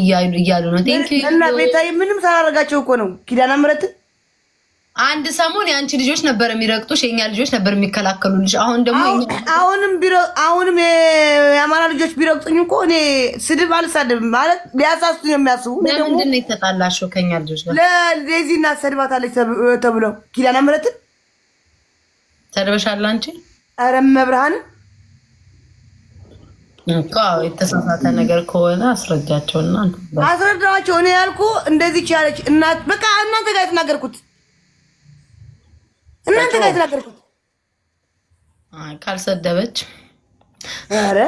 እያሉ ነው እና ቤታዬ ምንም ሳላደርጋቸው እኮ ነው ኪዳነ ምሕረትን አንድ ሰሞን የአንቺ ልጆች ነበር የሚረግጡሽ፣ የኛ ልጆች ነበር የሚከላከሉልሽ። አሁን ደግሞ አሁንም ቢሮ አሁንም የአማራ ልጆች ቢረግጡኝ እኮ እኔ ስድብ አልሳደብም ማለት ሊያሳስቱኝ የሚያስቡ ለምንድን ነው የተጣላሽው ከኛ ልጆች ጋር? ለዚህ እና ሰድባታለች ተብለው ኪዳነ ምሕረትን ሰድበሻል አንቺ? ኧረ መብርሃንን የተሳሳተ ነገር ከሆነ አስረዳቸውና አስረዳቸው። እኔ ያልኩ እንደዚህ ቻለች እናት በቃ እናንተ ጋር የተናገርኩት እናንተ ጋር የተናገርኩት ካልሰደበች ኧረ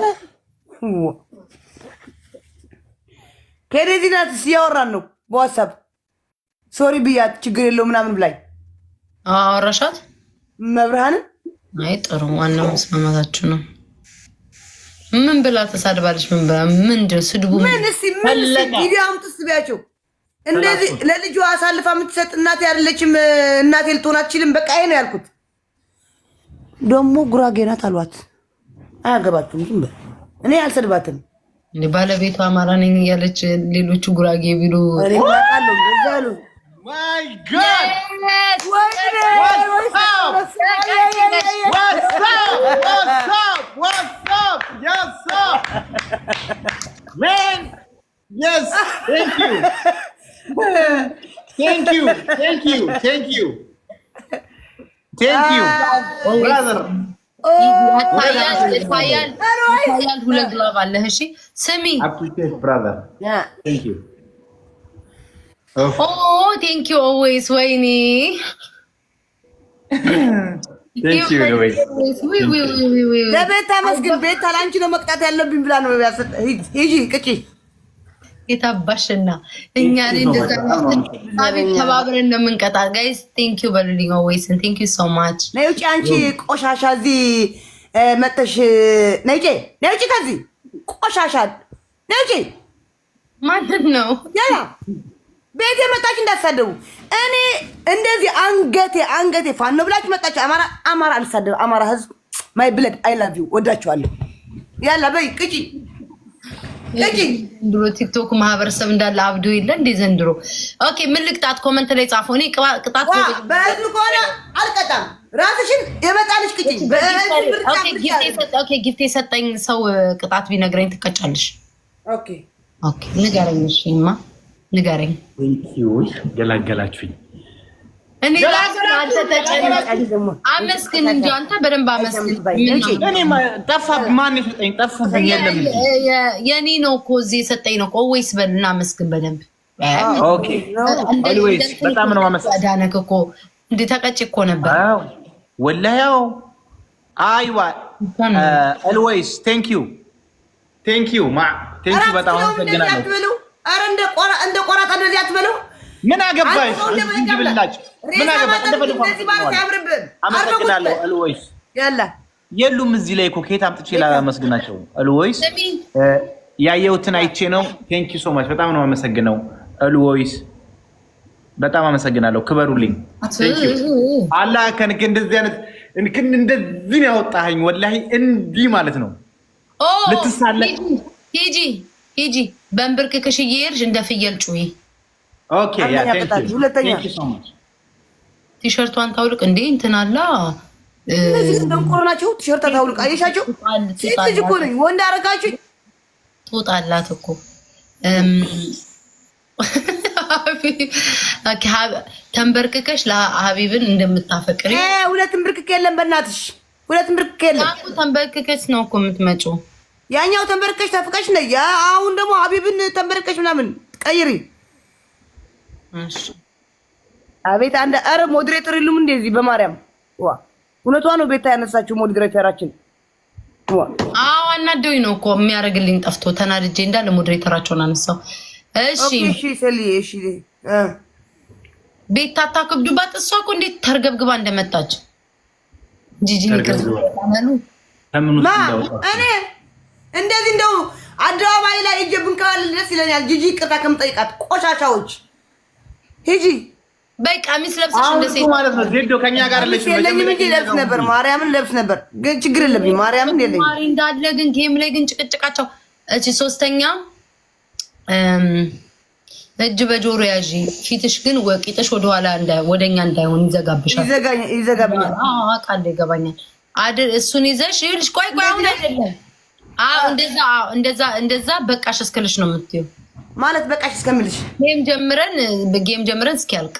ከደዚህ ናት ሲያወራን ነው በዋሳብ ሶሪ ብያት ችግር የለው ምናምን ብላኝ አወራሻት መብርሃንን አይ ጥሩ ዋናው መስማማታችሁ ነው። ምን ብላ ተሳድባለች? ምን ብላ ምንድን ስድቡ ምን ስ ምን ቪዲዮ አምጡ ስቢያቸው። እንደዚህ ለልጇ አሳልፋ የምትሰጥ እናቴ አይደለችም። እናቴ ልትሆን አትችልም። በቃ ይሄ ነው ያልኩት። ደግሞ ጉራጌ ናት አሏት። አያገባችሁም። ዝም በል። እኔ አልሰድባትም። ባለቤቷ አማራ ነኝ እያለች ሌሎቹ ጉራጌ ቢሉ እኔ My God! Yes. What's, Up? What's, up? What's up? What's up? What's up? What's up? Man, yes, thank you. Thank you, thank you, thank you. Thank you. Uh, brother. ስሚ ቴንክ ዩ ኦልዌይስ። ወይኔ ለቤት አመስግን። ቤት አላንቺ ነው መቅጣት ያለብኝ ብላ ነው ሂጂ ቅጪ የታባሽና እኛ እንደዛቤት ተባብረን እንደምንቀጣ ጋይስ ቴንክ ዩ በሉልኝ። ኦልዌይስን ቴንክ ዩ ሶ ማች። ነይ ውጪ አንቺ ቆሻሻ እዚህ ነይ ውጪ፣ ከዚህ ቆሻሻ ነይ ውጪ። ነው ያላ ቤት መጣች እንዳትሳደቡ። እኔ እንደዚህ አንገቴ አንገቴ ፋኖ ብላችሁ መጣችሁ። አማራ አማራ አልሳደብ። አማራ ህዝብ ማይ ብለድ አይ ላቭ ዩ ወዳችኋለሁ። ያላ በይ ቅጪ ድሮ ቲክቶክ ማህበረሰብ እንዳለ አብዶ የለ እንዴ ዘንድሮ። ኦኬ ምን ልቅጣት? ኮመንት ላይ ጻፈው። እኔ ቅጣት በህዝብ ከሆነ አልቀጣም። ራስሽን የመጣልሽ ኦኬ ጊፍት የሰጠኝ ሰው ቅጣት ቢነግረኝ ትቀጫለሽ? ኦኬ ኦኬ፣ ንገረኝ ማ ንገረኝ። ገላገላችሁኝ። እኔ አንተ አመስግን እንጂ አንተ በደንብ አመስግን። ነው እኮ እዚህ የሰጠኝ ነው። በል እናመስግን በደንብ በጣም ነው እኮ እንደ ተቀጭ እኮ ነበር አይዋ ቴንክ ዩ ቴንክ ዩ ማ ቴንክ ዩ በጣም አመሰግናለሁ። ኧረ እንደ ቆራጣ እንደዚህ አትበለው። ምን አገባሽ? እንዲብላችሁ ምን አገባሽ? አመሰግናለሁ። አልወይስ የሉም እዚህ ላይ እኮ ከየት አምጥቼ ላመስግናቸው? አልወይስ ያየሁትን አይቼ ነው። ቴንኪ ሶ ማች በጣም ነው አመሰግነው። አልወይስ በጣም አመሰግናለሁ። ክበሩልኝ። አላህ ከንክ እንደዚህ አይነት እንክን እንደዚህ ያወጣኸኝ ወላሂ እንዲህ ማለት ነው ልትሳለ ሂጂ ሂጂ በእንብርክክሽ እየሄድሽ እንደ ፍየል ጩሂ። ሁለተኛ ቲሸርቷን ታውልቅ እንዴ እንትናላ እነዚህ ደንቆሮ ናቸው። ቲሸርት ታውልቅ አየሻቸው። ሴት ልጅ እኮ ነኝ ወንድ አረጋችሁ ትወጣላት እኮ ተንበርክከሽ ለሀቢብን እንደምታፈቅሪ ሁለት ንብርክክ የለም። በእናትሽ ሁለት ንብርክክ የለም። ተንበርክከች ነው እኮ የምትመጪው ያኛው ተንበርከሽ ታፍቀሽ ነ አሁን ደግሞ አቢብን ተንበርከሽ ምናምን ቀይሪ። አቤት አንድ አረ ሞዲሬተር የሉም እንደዚህ በማርያም ዋ እውነቷ ነው። ቤታ ያነሳችው ሞዴሬተራችን አዎ አናደውኝ ነው እኮ የሚያደርግልኝ ጠፍቶ ተናድጄ እንዳለ ሞዴሬተራቸውን አነሳው። እሺ እሺ ሰሊ እሺ ቤታ ታከብዱባት። እሷ እኮ እንዴት ተርገብግባ እንደመጣች ጂጂ ነው ማ ውስጥ እንደዚህ እንደው አደባባይ ላይ ሂጅ ብንከባል ድረስ ይለኛል። ጂጂ ይቅርታ ከምጠይቃት ቆሻሻዎች ሂጂ በቃ ሚስ ለብሰሽ እንደዚህ ማለት ነው። ዜዶ ከኛ ጋር አለሽ ለኝ ምን ለብስ ነበር? ማርያምን ለብስ ነበር፣ ግን ችግር የለብኝ። ማርያምን የለኝ ማሪ እንዳለ ግን ጌም ላይ ግን ጭቅጭቃቸው። እቺ ሶስተኛ እጅ በጆሮ ያዢ፣ ፊትሽ ግን ወቂጥሽ ወደኋላ ወደኛ እንዳይሆን ይዘጋብሻል፣ ይዘጋኛል። አዎ አውቃለሁ፣ ይገባኛል። አድር እሱን ይዘሽ ይልሽ ቆይ ቆይ፣ አሁን አይደለም እንደዛ በቃሽ እስክልሽ ነው የምትይው? ማለት በቃሽ እስከምልሽ ጌም ጀምረን ጌም ጀምረን እስኪያልቅ።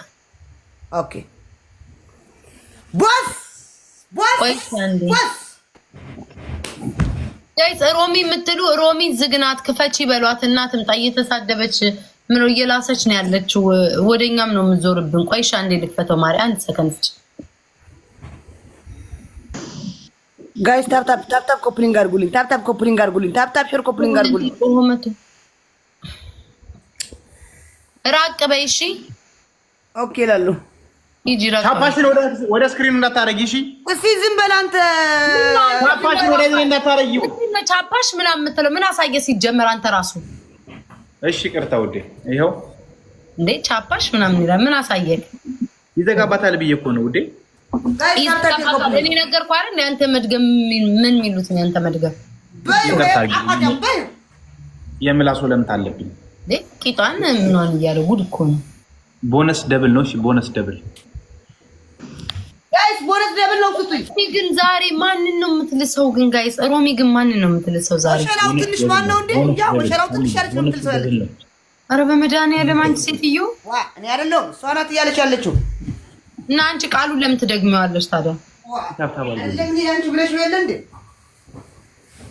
ኦኬ ቦስ ቦስ ሮሚ የምትሉ ሮሚ ዝግናት ክፈች ይበሏት እና ትምጣ። እየተሳደበች ምነው እየላሰች ነው ያለችው። ወደኛም ነው የምትዞርብን። ቆይሻ እንዴ ልክፈተው ማሪ አንድ ሰከንድ ጋይስ ታፕታፕ ታፕታፕ ኮፕሊንግ አድርጉልኝ። ታፕታፕ ኮፕሊንግ አድርጉልኝ። ታፕታፕ ሼር ኮፕሊንግ አድርጉልኝ። ራቅ በይ እሺ። ኦኬ እላለሁ። ታፓሽን ወደ ስክሪን እንዳታረጊ እሺ። እስኪ ዝም በል አንተ። ታፓሽን ወደ እኔ እንዳታረጊ። ቻፓሽ ምናምን የምትለው ምን አሳየ ሲጀመር አንተ ራሱ። እሺ ቅርታ ውዴ፣ ይኸው እንዴ ቻፓሽ ምናምን ይላል። ምን አሳየ? ይዘጋባታል ብዬ እኮ ነው ውዴ እኔ ነገርኩህ አይደል? ያንተ መድገም ምን የሚሉት ነው? ያንተ መድገም የምላሱ ለምት አለብኝ። ቂጧን ምኗን እያለ ጉድ እኮ ነው። ቦነስ ደብል ነው። ቦነስ ደብል ጋይስ ቦነስ ደብል ነው። ግን ዛሬ ማንን ነው የምትልሰው? ግን ጋይስ ሮሚ ግን ማንን ነው የምትልሰው ዛሬ? ትንሽ ማን ነው እንዴ? ወሸራው ትንሽ ያለች ነው የምትልሰው። ኧረ በመድኃኒዓለም አንቺ ሴትዮ እኔ አይደለሁም እሷ ናት እያለች ያለችው እና አንቺ ቃሉን ለምን ትደግሚዋለሽ ታዲያ?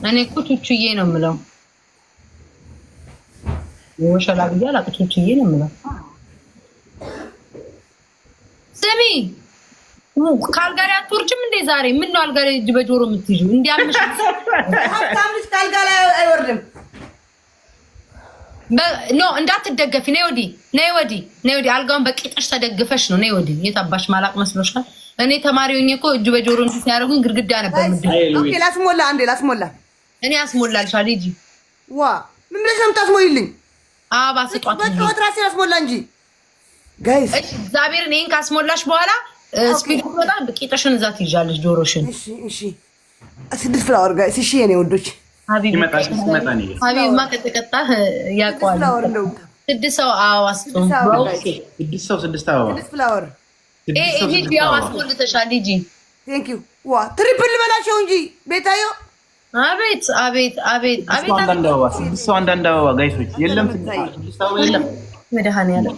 እኔ እኮ ቱቹዬ ነው የምለው፣ ወሸላ ብዬ አላውቅም። ቱቹዬ ነው የምለው። ስሚ ካልጋሪ አትወርጅም እንዴ ዛሬ? ምን ነው አልጋ በጆሮ የምትይዙ እንዲያምሽ? ሀብታም ልጅ ካልጋ ላይ አይወርድም ኖ እንዳትደገፊ ነይ ወዲህ ነይ ወዲህ ነይ ወዲህ አልጋውን በቂጥሽ ተደግፈሽ ነው ነይ ወዲህ የታባሽ ማላቅ መስሎሻል እኔ ተማሪ ሆኜ እኮ እጁ በጆሮ እንጂ ሲያደርጉኝ ግድግዳ ነበር ምድ ላስሞላ አንዴ ላስሞላ እኔ አስሞላልሻል ሂጂ ዋ ምን ብለሽ ነው የምታስሞይልኝ አባ ስጧት ራሴ ላስሞላ እንጂ ጋይስ እሺ እግዚአብሔርን ይህን ካስሞላሽ በኋላ ስፒድ በጣም ቂጥሽን እዛ ትይዣለሽ ጆሮሽን ስድስት ፍላወር ጋይስ እሺ የኔ ወዶች ሀቢብማ ከተቀጣህ ያውቀዋል። ስድስት ሰው አበባ አስጦልተሻል። ሂጂ ትሪፕል ልበላቸው እንጂ ቤታዮ አቤት አቤት አቤት አቤት ሰው አንዳንድ አበባ ጋይሶች የለም መድኃኒዓለም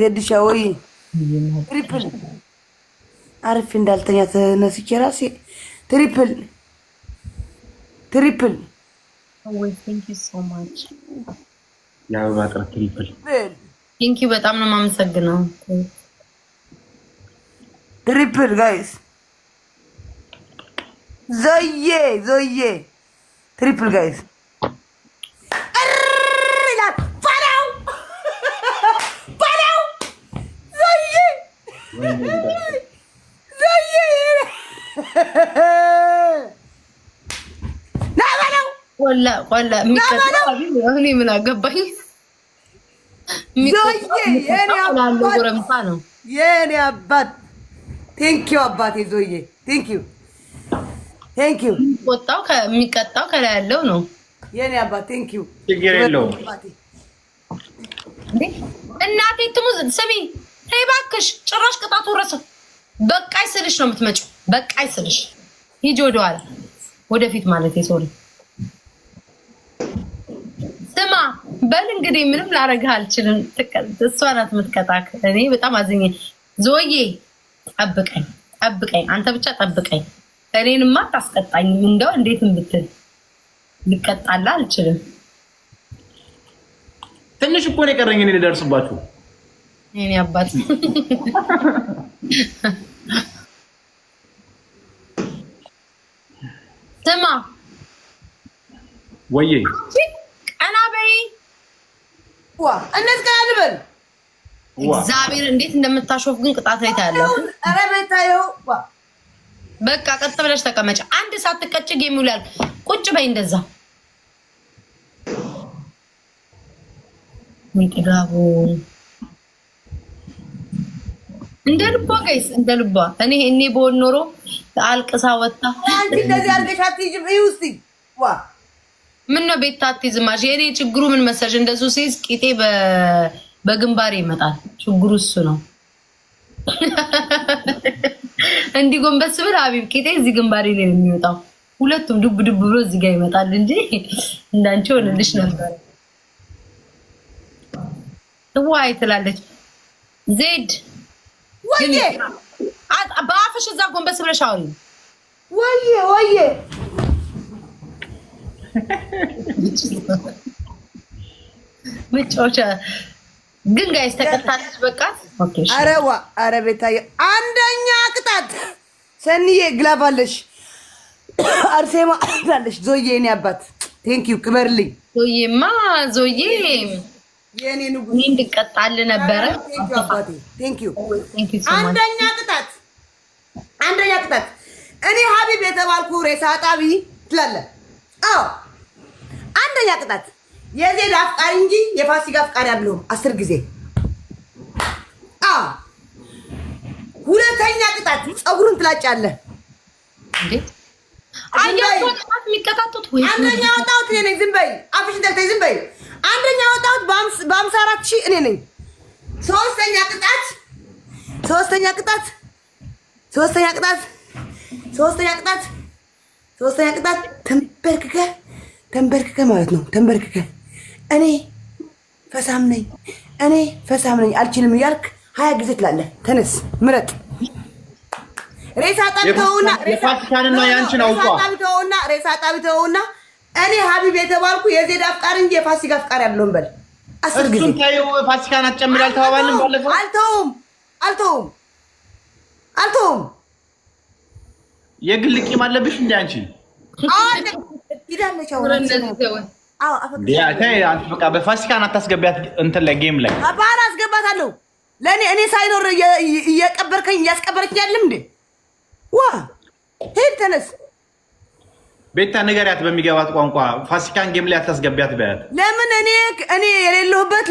ዜድሻ ወይ ትሪፕል አሪፍ እንዳልተኛ ተነስቼ ራሴ ትሪፕል ትሪፕል ቴንኪው oh, በጣም ነው የማመሰግነው። ትሪፕል ጋይስ ዞዬ ዞዬ ትሪፕል ጋይስ ምን አገባኝ። ጎረምሳ ነው የኔ አባት። ቴንኪው አባቴ ዞዬ ቴንኪው ቴንኪው። የሚቀጣው ከላይ ያለው ነው የኔ አባት። ቴንኪው ችግር የለውም እናቴ ትሙዝ ስሚ እባክሽ ጭራሽ ቅጣቱ ረሰ በቃይ ስልሽ ነው የምትመጪው። በቃይ ስልሽ ሂጂ ወደኋላ ወደፊት ማለት የሰው ስማ በል እንግዲህ ምንም ላረግህ አልችልም። እሷ ናት የምትቀጣክ። እኔ በጣም አዝኜ ዞዬ ጠብቀኝ፣ ጠብቀኝ፣ አንተ ብቻ ጠብቀኝ። እኔንማ አታስቀጣኝም። እንደው እንዴት ብትል ልቀጣላ አልችልም። ትንሽ እኮ ነው የቀረኝ እኔ ልደርስባችሁ የእኔ አባት ስማ፣ ወይዬ ቀና በይ። እነዚህ ቀና ልበል። እግዚአብሔር እንዴት እንደምታሾፍ ግን ቅጣት ላይ ታያለህ። በቃ ቀጥ ብለሽ ተቀመጭ። አንድ ሳትቀጭ ጌም ይውላል። ቁጭ በይ እንደዛ ወይ እንደ ልቧ ጋይስ፣ እንደ ልቧ እኔ እኔ በሆን ኖሮ አልቅሳ ወጣ። ምን ነው ቤት ታቲዝማሽ? የእኔ ችግሩ ምን መሰለሽ፣ እንደሱ ሴት ቂጤ በግንባሬ ይመጣል። ችግሩ እሱ ነው። እንዲህ ጎንበስ ብል ሀቢብ ቂጤ እዚህ ግንባሬ ላይ ነው የሚወጣው። ሁለቱም ዱብ ዱብ ብሎ እዚህ ጋር ይመጣል እንጂ እንዳንቺ ሆንልሽ ነበር። ዋይ ትላለች ዜድ ወይዬ በአፍሽ እዛ ጎንበስ ብለሽ አውሪ። ወይዬ ወይዬ ውጮች ግን ጋይስ ተቀጣለች። በቃት አረዋ አረ ቤታዬ አንደኛ ቅጣት ሰኒዬ ግላባለሽ አርሴማ አለሽ ዞዬ እኔ አባት ቴንኪዩ ክበርልኝ ዞዬማ ዞዬ እኔ እንድቀጣል ነበረ። አንደኛ ቅጣት አንደኛ ቅጣት እኔ ሀቢብ የተባልኩ ሬሳ ጣቢ ትላለህ። አዎ አንደኛ ቅጣት የዜድ አፍቃሪ እንጂ የፋሲካ አፍቃሪ አለሁም አስር ጊዜ። ሁለተኛ ቅጣት ፀጉርን ትላጫለህ። የሚቀጣጡት አንደኛ ወጣሁት እኔ ነኝ። ዝም በይ አፍሽን ተክተይ። ዝም በይ አንደኛ ወጣሁት በአምሳ አራት ሺህ እኔ ነኝ። ሶስተኛ ቅጣት ሶስተኛ ቅጣት ሶስተኛ ቅጣት ሶስተኛ ቅጣት ሶስተኛ ቅጣት ተንበርክከ ተንበርክከ ማለት ነው። ተንበርክከ እኔ ፈሳም ነኝ እኔ ፈሳም ነኝ አልችልም እያልክ ሀያ ጊዜ ትላለህ። ተነስ ምረጥ ሬሳ ጠብተውና የፋሲካንና ያንቺን አውቋ ጠብተውና ሬሳ ጠብተውና እኔ ሀቢብ የተባልኩ የዜድ አፍቃሪ እንጂ የፋሲካ አፍቃሪ ያለውን በል አስር ጊዜ እሱን ታዩ። ፋሲካን አትጨምሪ አልተባባልንም? ባለፈው አልተውም አልተውም አልተውም። የግል ቂም አለብሽ እንደ አንቺ በቃ በፋሲካን አታስገቢያት እንትን ላይ ጌም ላይ አባህር አስገባታለሁ። ለእኔ እኔ ሳይኖር እየቀበርከኝ እያስቀበረችኝ አይደለም እንዴ ዋ ሄድ ተነስ። ቤታ ንገሪያት በሚገባት ቋንቋ ፋሲካን ጌም ላይ አታስገቢያት በያት። ለምን እኔ እኔ የሌለሁበት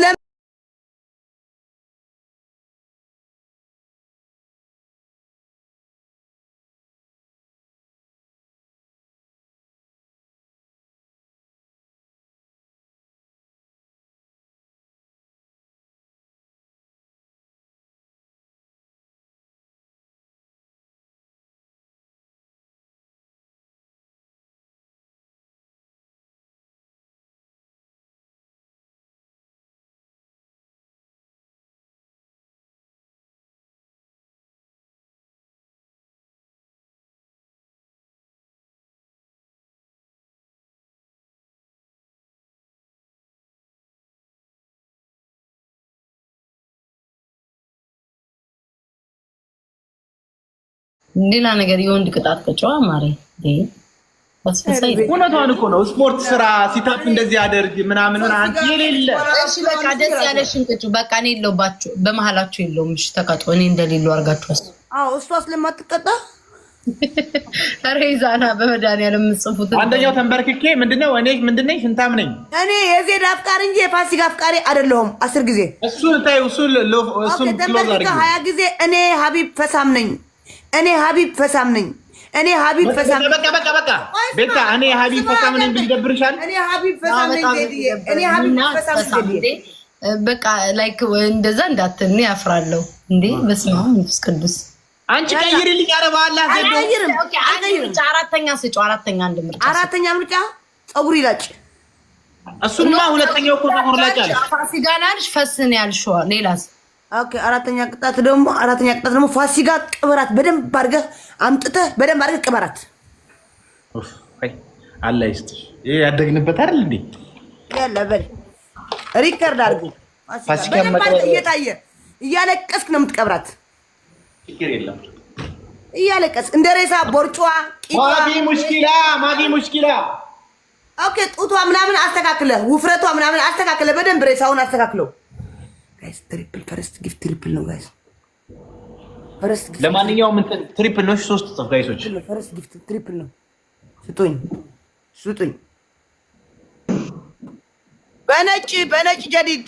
ሌላ ነገር የወንድ ቅጣት ከጨዋ ማሪ እውነቷን እኮ ነው። ስፖርት ስራ ሲታፍ እንደዚህ አደርግ ምናምን አንቺ የሌለ እሺ፣ በቃ ደስ ያለሽን ቅጩ። በቃ እኔ የለውባችሁ በመሀላችሁ የለውም። እሺ፣ ተቀጡ። እኔ እንደሌሉ አድርጋችሁ እሷ ስለማትቀጣ ሬዛና በመድኃኒዓለም የምጽፉት አንደኛው ተንበርክኬ ምንድነው? እኔ ምንድነኝ? ሽንታም ነኝ እኔ። የዜድ አፍቃሪ እንጂ የፋሲካ አፍቃሪ አይደለሁም። አስር ጊዜ እሱን ታይ እሱን ሀያ ጊዜ እኔ ሀቢብ ፈሳም ነኝ እኔ ሀቢብ ፈሳም ነኝ። እኔ ሀቢብ ፈሳም በቃ በቃ በቃ ቤታ እኔ ሀቢብ ፈሳም ነኝ ብል ይደብርሻል። እኔ ሀቢብ ፈሳም ነኝ እኔ ሀቢብ ፈሳም ነኝ በቃ ላይክ እንደዛ እንዳትል ነው ያፍራለሁ። እንዴ በስመ አብ መንፈስ ቅዱስ አንቺ ቀይርልኝ። ኧረ በኋላ ዘዶ አይቀይርም። አራተኛ ስጪ፣ አራተኛ አንድ ምርጫ፣ አራተኛ ምርጫ ፀጉር ይላጭ። እሱንማ ሁለተኛው እኮ ፀጉር ይላጭ አለ። ፋሲካን አልሽ ፈስን ያልሽዋ ሌላስ ኦኬ አራተኛ ቅጣት ደግሞ አራተኛ ቅጣት ደግሞ ፋሲካ ቅበራት። በደንብ አድርገህ አምጥተህ በደንብ አድርገህ ቅበራት። አላህ ይስጥሽ። ያደግንበት አይደል እንዴ? ያለ በል ሪከርድ አድርጉ። እየታየ እያለቀስክ ነው የምትቀብራት። ችግር እንደ ሬሳ ቦርጫ ሙሽኪላ ማፊ ሙሽኪላ። ኦኬ ጡቷ ምናምን አስተካክለ፣ ውፍረቷ ምናምን አስተካክለ፣ በደንብ ሬሳውን አስተካክለው። ጋይስ ትሪፕል ፈረስት ጊፍ ትሪፕል ነው ጋይስ። ፈረስት ጊፍ ለማንኛውም እንትን ትሪፕል ነው። ሶስት ጽፍ ጋይሶች። ፈረስት ጊፍ ትሪፕል ነው። ስጡኝ ስጡኝ። በነጭ በነጭ ጀዲድ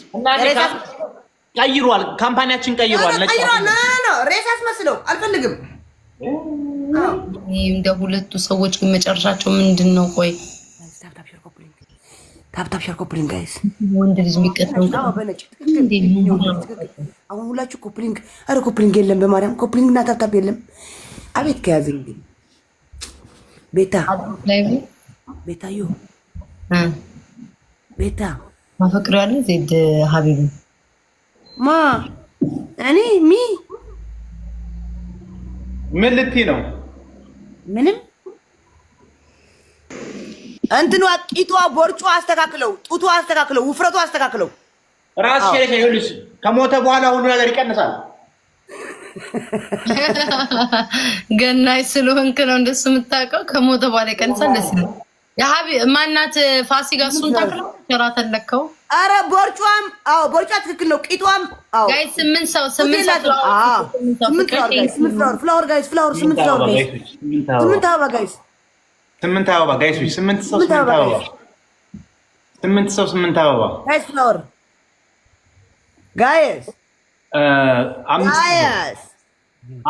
ቀይሯል። ካምፓኒያችን ቀይሯል። ነጭ ቀይሯል። ና ና ሬስ አስመስለው አልፈልግም። እንደ ሁለቱ ሰዎች ግን መጨረሻቸው ምንድን ነው? ቆይ ታፕታፕ ሸር ኮፕሊንግ ጋይስ አሁን ሁላችሁ ኮፕሊንግ። አረ ኮፕሊንግ የለም፣ በማርያም ኮፕሊንግ እና ታብታብ የለም። አቤት ከያዘኝ ግን ቤታ ቤታዮ ቤታ ማፈቅረዋለሁ። ዜድ ሀቢብ ማ እኔ ሚ ምን ልትይ ነው? ምንም እንትኗ ቂጧ ቦርጩ አስተካክለው፣ ጡቷ አስተካክለው፣ ውፍረቱ አስተካክለው። ራስ ሸለሸ ይኸውልሽ፣ ከሞተ በኋላ ሁሉ ነገር ይቀንሳል። ገናይ ስለሆንክ ነው እንደሱ የምታውቀው። ከሞተ በኋላ ይቀንሳል። ደስ ይላል። የሀቢ ማናት ፋሲካ፣ እሱን ታክለው ራ ተለከው። አረ ቦርጯም፣ አዎ ቦርጯ ትክክል ነው። ቂጧም፣ አዎ ጋይ ስምንት ሰው ስምንት ሰው ስምንት ፍላወር ጋይስ፣ ፍላወር ስምንት ፍላወር ጋይስ፣ ስምንት አበባ ጋይስ ስምንት አበባ ጋይሶች፣ ስምንት ሰው ስምንት አበባ፣ ስምንት ሰው ስምንት አበባ ጋይስ፣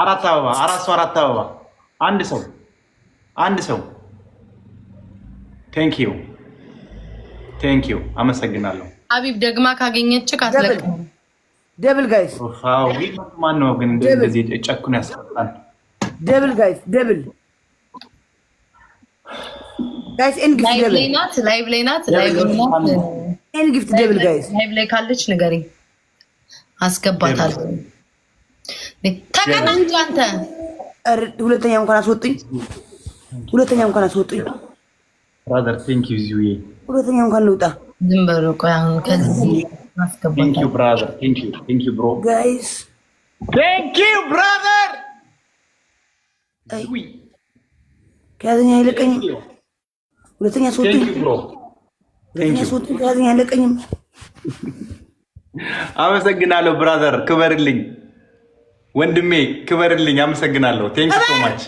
አራት አበባ፣ አራት ሰው አራት አበባ፣ አንድ ሰው አንድ ሰው። ቴንክ ዩ ቴንክ ዩ፣ አመሰግናለሁ። አቢብ ደግማ ካገኘች ካትለቅ ደብል ጋይስ፣ ማን ነው ግን እንደዚህ ጨኩን ያስፈጣል ደብል ጋይስ ደብል ጋይስ ኤን ደብል ላይ ናት። ላይቭ ላይ ናት። ላይቭ ላይ ደብል ጋይስ ላይቭ ላይ ካለች ንገሪኝ፣ አስገባታለሁ። ተቀጣ እንጂ አንተ ሁለተኛ እንኳን አስወጡኝ። ሁለተኛ እንኳን አስወጡኝ። ብራዘር ቴንክ ዩ ዚዌ ሁለተኛ እንኳን ልውጣ። ዝም በሉ። ቆይ አሁን ከዚህ አስገባታለሁ። ብራዘር ቴንክ ዩ ቴንክ ዩ ብሮ ጋይስ ቴንክ ዩ ብራዘር ከያዘኛ አይለቀኝም ሁለተኛ ሶስት ያዘኝ አለቀኝም። አመሰግናለሁ ብራዘር፣ ክበርልኝ ወንድሜ፣ ክበርልኝ። አመሰግናለሁ። ቴንክ ሶ ማች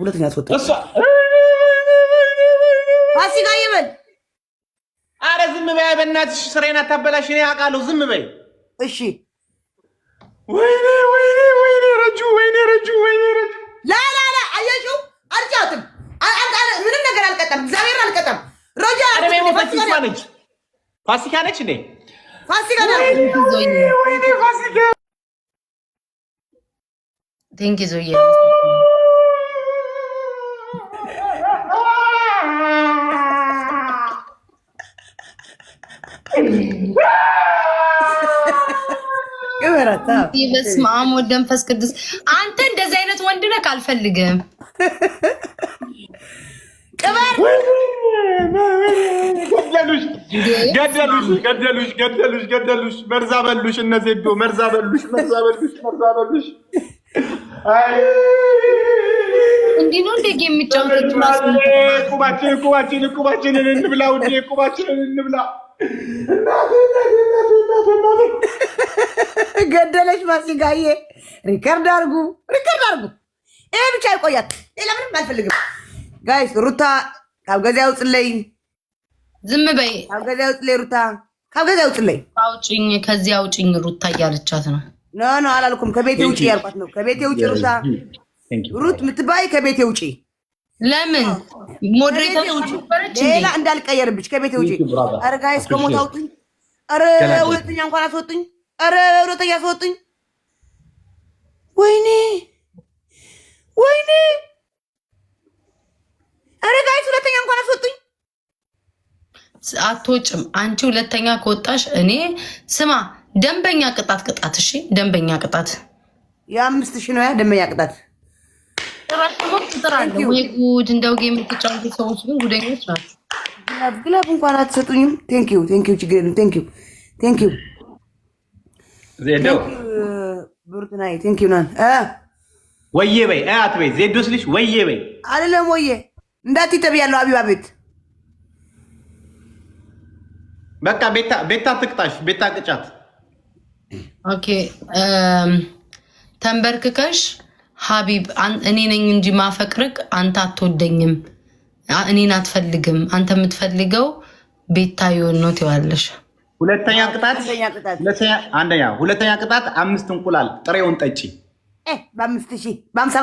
ሁለተኛ ሶስት ፋሲካ ይበል አረ ዝም በይ፣ በእናትሽ ስራዬን አታበላሽ። እኔ አውቃለሁ፣ ዝም በይ እሺ። ወይኔ ወይኔ ወይኔ ረጁ ወይኔ ረጁ ወይኔ ረጁ ላላላ አየሽው፣ አልጫወትም፣ ምንም ነገር አልቀጠም፣ እግዚአብሔር አልቀጠም። ረጁ ነች፣ ፋሲካ ነች እንዴ? ፋሲካ ወይኔ ነች። ቴንኪ ዞዬ በስመ አብ ወወልድ ወመንፈስ ቅዱስ። አንተ እንደዚህ አይነት ወንድ ነህ፣ አልፈልግም። ገደሉሽ፣ ገደሉሽ፣ መርዛ በሉሽ። እነዚህ ዶ መርዛ በሉሽ፣ መርዛ በሉሽ፣ መርዛ በሉሽ። እንዲህ ነው እንደ የሚጫወቱት። ቁባችንን ቁባችንን ቁባችንን እንብላ ቁባችንን እንብላ ገደለች ማሲጋዬ። ሪከርድ አርጉ፣ ሪከርድ አርጉ። ይሄ ብቻ ይቆያል። ሌላ ምንም አልፈልግም። ጋይስ ሩታ ካብ ገዛ ውፅለይ፣ ዝም በይ። ካብ ገዛ ውፅለይ፣ ሩታ ካብ ገዛ ውፅለይ፣ አውጭኝ፣ ከዚህ አውጭኝ ሩታ እያለቻት ነው። ኖ ኖ አላልኩም። ከቤቴ ውጭ እያልኳት ነው። ከቤቴ ውጭ ሩታ፣ ሩት ምትባይ ከቤቴ ውጪ ለምን ሞዴሬተር ሌላ እንዳልቀየርብሽ ከቤት ውጪ። ኧረ ጋይስ ከሞት አውጡኝ። ኧረ ሁለተኛ እንኳን አስወጡኝ። ኧረ ሁለተኛ አስወጡኝ። ወይኔ ወይኔ! ኧረ ጋይስ ሁለተኛ እንኳን አስወጡኝ። አትወጭም አንቺ። ሁለተኛ ከወጣሽ እኔ ስማ፣ ደንበኛ ቅጣት ቅጣት። እሺ፣ ደንበኛ ቅጣት የአምስት ሺህ ነው ያ ደንበኛ ቅጣት ጉድ እንደው እንኳን አትሰጡኝም። ቴንክ ዩ ቴንክ ዩ ችግር የለም። ቴንክ ዩ ቴንክ ዩ ብሩክናይ ቴንክ ዩ ናን ወዬ በይ አያት ዜዶ ስልሽ ወዬ በይ አይደለም ወዬ እንዳት ተብያለሁ። አቢባ ቤት በቃ ቤታ ቤታ ትቅጣሽ። ቤታ ቅጫት ኦኬ ተንበርክከሽ ሀቢብ እኔ ነኝ እንጂ ማፈቅርቅ አንተ አትወደኝም፣ እኔን አትፈልግም። አንተ የምትፈልገው ቤታዮን ነው ትዋለሽ። ሁለተኛ ቅጣት አንደኛ ሁለተኛ ቅጣት አምስት እንቁላል ጥሬውን ጠጪ። በአምስት ሺህ በአምሳ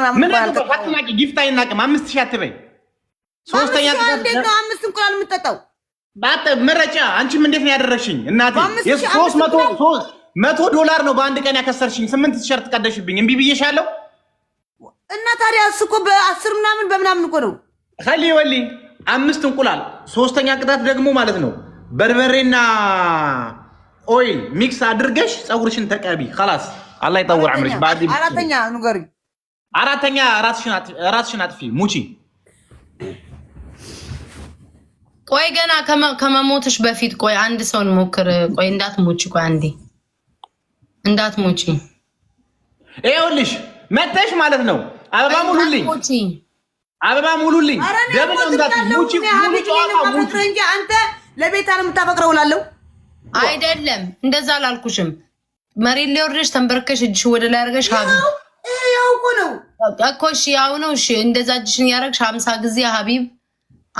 ጊፍት አይናቅም። አምስት ሺህ አትበይ። ሶስተኛ ቅጣት እንዴት ነው አምስት እንቁላል የምትጠጣው? መረጫ አንቺም እንዴት ነው ያደረግሽኝ እናቴ? ሶስት መቶ ዶላር ነው በአንድ ቀን ያከሰርሽኝ። ስምንት ቲሸርት ቀደሽብኝ። እምቢ ብዬሻለሁ ታዲያ እሱ እኮ በአስር ምናምን በምናምን እኮ ነው። ኸሊ ወሊ አምስት እንቁላል፣ ሶስተኛ ቅጣት ደግሞ ማለት ነው በርበሬና ኦይል ሚክስ አድርገሽ ፀጉርሽን ተቀቢ። ላስ አላ ይጠውር ምርሽ። አራተኛ ንገሪ አራተኛ ራስሽን አጥፊ ሙቺ። ቆይ ገና ከመሞትሽ በፊት ቆይ አንድ ሰውን ሞክር። ቆይ እንዳት ሙቺ፣ ቆይ አንዴ እንዳት ሙቺ። ይኸውልሽ መተሽ ማለት ነው አበባ ሙሉልኝ፣ አበባ ሙሉልኝ። ደግሞ መምታት ሙጪ ሙሉ ጨዋታ ሙጪ እንጂ አንተ ለቤታ ነው የምታፈቅረው እላለሁ። አይደለም እንደዛ አላልኩሽም። መሬት ላይ ተንበርከሽ እጅሽ ወደ ላይ አድርገሽ ሀቢ ያው እኮ ነው እኮ እሺ፣ ያው ነው እሺ። እንደዛ እጅሽን ያደረግሽ ሀምሳ ጊዜ ሀቢብ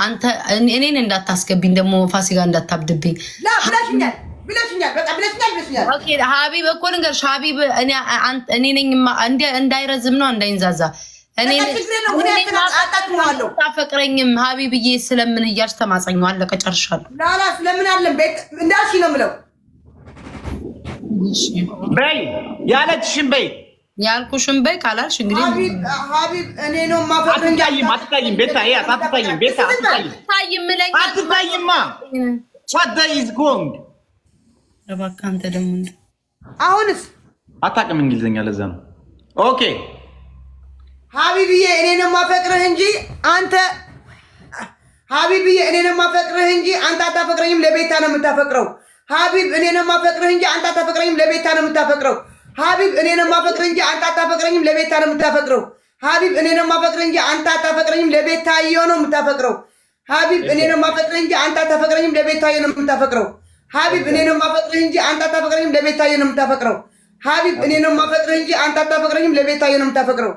አንተ እኔን እንዳታስገቢኝ ደግሞ ፋሲካ እንዳታብድብኝ ላ ብላሽኛል ብለሽኛል፣ በቃ ብለሽኛል፣ ብለሽኛል። ሀቢብ እኮ ሀቢብ እኔ ነኝ እንዳይረዝም ነው እንዳይንዛዛ አፈቅረኝም ሀቢብዬ ስለምን እያልሽ ተማጸኘው። አለቀ ጨርሻለሁ። ላላ ስለምን አለም እንዳልሽ ነው በይ ያለችሽን በይ ያልኩሽን በይ ካላልሽ እንግዲህ ሀቢብ እኔ ነው ማፈቅረኝ። አትታይም ቤታ፣ አትታይም ቤታ፣ አትታይም አትታይማ። ጎንግ እባክህ አንተ ደግሞ አሁንስ አታውቅም እንግሊዝኛ። ለዛ ነው ኦኬ ሀቢብዬ እኔን ማፈቅርህ እንጂ አንተ ሀቢብዬ እኔን ማፈቅርህ እንጂ አንተ አታፈቅረኝም፣ ለቤታ ነው የምታፈቅረው። ሀቢብ እኔን ማፈቅርህ እንጂ አንተ አታፈቅረኝም፣ ለቤታ ነው የምታፈቅረው። ሀቢብ እኔን ማፈቅርህ እንጂ አንተ አታፈቅረኝም፣ ለቤታ ነው የምታፈቅረው። ሀቢብ እኔን ማፈቅርህ እንጂ አንተ አታፈቅረኝም፣ ለቤታዮ ነው የምታፈቅረው። ሀቢብ እኔን ማፈቅርህ እንጂ አንተ አታፈቅረኝም፣ ለቤታዮ ነው የምታፈቅረው። ሀቢብ እኔ ነው የማፈቅርህ እንጂ አንተ አታፈቅረኝም፣ ለቤታዬ ነው የምታፈቅረው። ሀቢብ እኔ ነው የማፈቅርህ እንጂ አንተ አታፈቅረኝም፣ ለቤታዬ ነው የምታፈቅረው።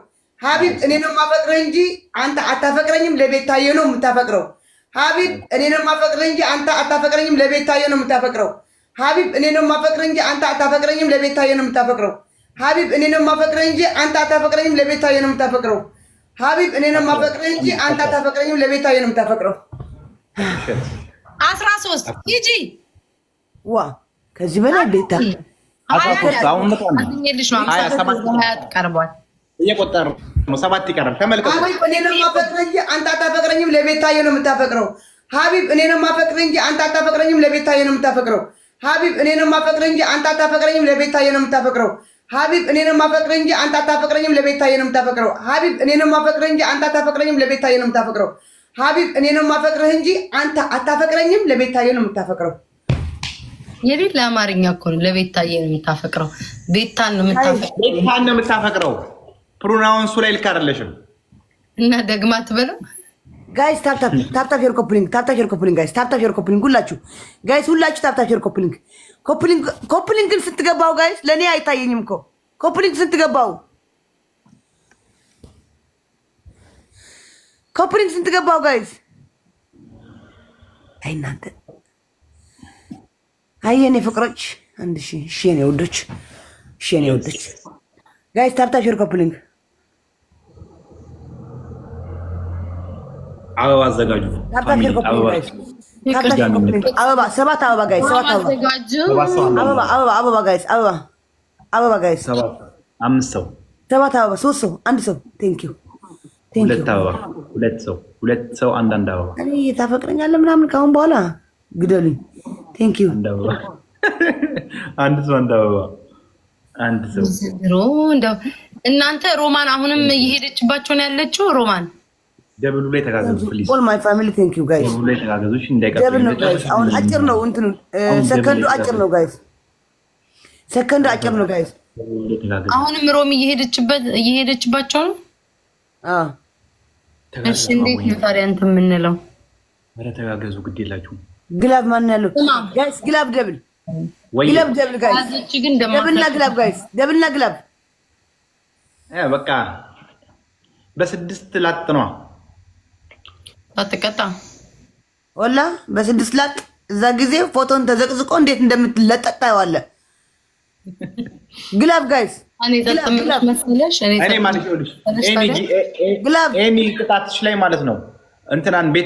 ሀቢብ እኔ ነው የማፈቅርህ እንጂ አንተ አታፈቅረኝም፣ ለቤታዬ ነው የምታፈቅረው። ሀቢብ እኔ ነው የማፈቅርህ እንጂ አንተ አታፈቅረኝም፣ ለቤታዬ ነው የምታፈቅረው። ሀቢብ እኔ ነው የማፈቅርህ እንጂ አንተ አታፈቅረኝም፣ ለቤታዬ ነው የምታፈቅረው። ሀቢብ እኔ ነው የማፈቅርህ እንጂ አንተ አታፈቅረኝም፣ ለቤታዬ ነው የምታፈቅረው። ሀቢብ እኔ ነው የማፈቅርህ እንጂ አንተ አታፈቅረኝም፣ ለቤታዬ ነው የምታፈቅረው። አስራ ሶስት ሂጂ ዋ ከዚህ በላይ ቤታ እየቆጠሩ ነው። እንጂ አንተ አታፈቅረኝም። ለቤታዬ የምታፈቅረው። ሀቢብ እኔ ነው የማፈቅር እንጂ አንተ አታፈቅረኝም። ለቤታዬ ነው የምታፈቅረው። ሀቢብ እኔ ነው የማፈቅር እንጂ አንተ አታፈቅረኝም። ለቤታዬ ነው የምታፈቅረው። ሀቢብ እኔ ነው የማፈቅር እንጂ አንተ አታፈቅረኝም። ለቤታዬ ነው የምታፈቅረው። ሀቢብ እኔ ነው የማፈቅር እንጂ አንተ አታፈቅረኝም። ለቤታዬ ነው የምታፈቅረው። ሀቢብ እኔ ነው የማፈቅርህ እንጂ አንተ አታፈቅረኝም። ለቤታዬ ነው የምታፈቅረው። የቤት ለአማርኛ እኮ ነው። ለቤታዬ ነው የምታፈቅረው። ቤታን ነው የምታፈቅረው። ፕሮናውንሱ ላይ ልክ አይደለሽም። እና ደግማ ትበለው። ጋይስ ታፕታፕ ታፕታፕ ዮር ኮፕሊንግ ታፕታፕ ዮር ኮፕሊንግ ጋይስ ታፕታፕ ዮር ኮፕሊንግ ሁላችሁ ጋይስ ሁላችሁ ታፕታፕ ዮር ኮፕሊንግ ኮፕሊንግ ኮፕሊንግን ስትገባው ጋይስ ለእኔ አይታየኝም እኮ ኮፕሊንግ ስትገባው ኮፕሊንግ ስንትገባው ጋይስ አይ እናንተ አይ የኔ ፍቅሮች አንድ ሺ ሺ የኔ ውዶች ሺ የኔ ውዶች ጋይስ ታፕታፕ ሼር ኮፕሊንግ አበባ አዘጋጁ። አበባ ሰባት አበባ ጋይስ ሰባት አበባ አበባ አበባ ጋይስ አበባ አበባ ጋይስ አምስት ሰው ሰባት አበባ ሶስት ሰው አንድ ሰው ቴንኪው ሁለት አበባ ሁለት ሰው ሁለት ሰው አንድ አንድ አበባ እኔ ታፈቅረኛለህ ምናምን ከአሁን በኋላ ግደሉኝ። ቴንክ ዩ። አንድ ሰው አንድ አበባ አንድ ሰው እንደው እናንተ ሮማን አሁንም እየሄደችባቸውን ያለችው። ሮማን ደብሉ ላይ ተጋገዙ። ፕሊዝ ኦል ማይ ፋሚሊ ቴንክ ዩ ጋይስ። ደብሉ ላይ ተጋገዙ። እሺ እንዳይቀር አሁን አጭር ነው እንትኑ ሰከንዱ አጭር ነው ጋይስ። ሰከንዱ አጭር ነው ጋይስ። አሁንም ሮም እየሄደችበት እየሄደችባቸው ነው። አዎ እሺ። እንዴት ነው ታዲያ እንትን የምንለው? ኧረ ተጋገዙ ግድ የላችሁም። ግላብ ማን ያለው ጋይስ? ግላብ ደብል ግላብ ደብል ጋይስ፣ ደብልና ግላብ ጋይስ፣ ደብልና ግላብ በቃ በስድስት ላጥ ነዋ አትቀጣ ወላ በስድስት ላጥ እዛ ጊዜ ፎቶን ተዘቅዝቆ እንዴት እንደምትለጠጣ ዋለ ግላብ ጋይስ ግላብ ቅጣትሽ ላይ ማለት ነው እንትናን ቤት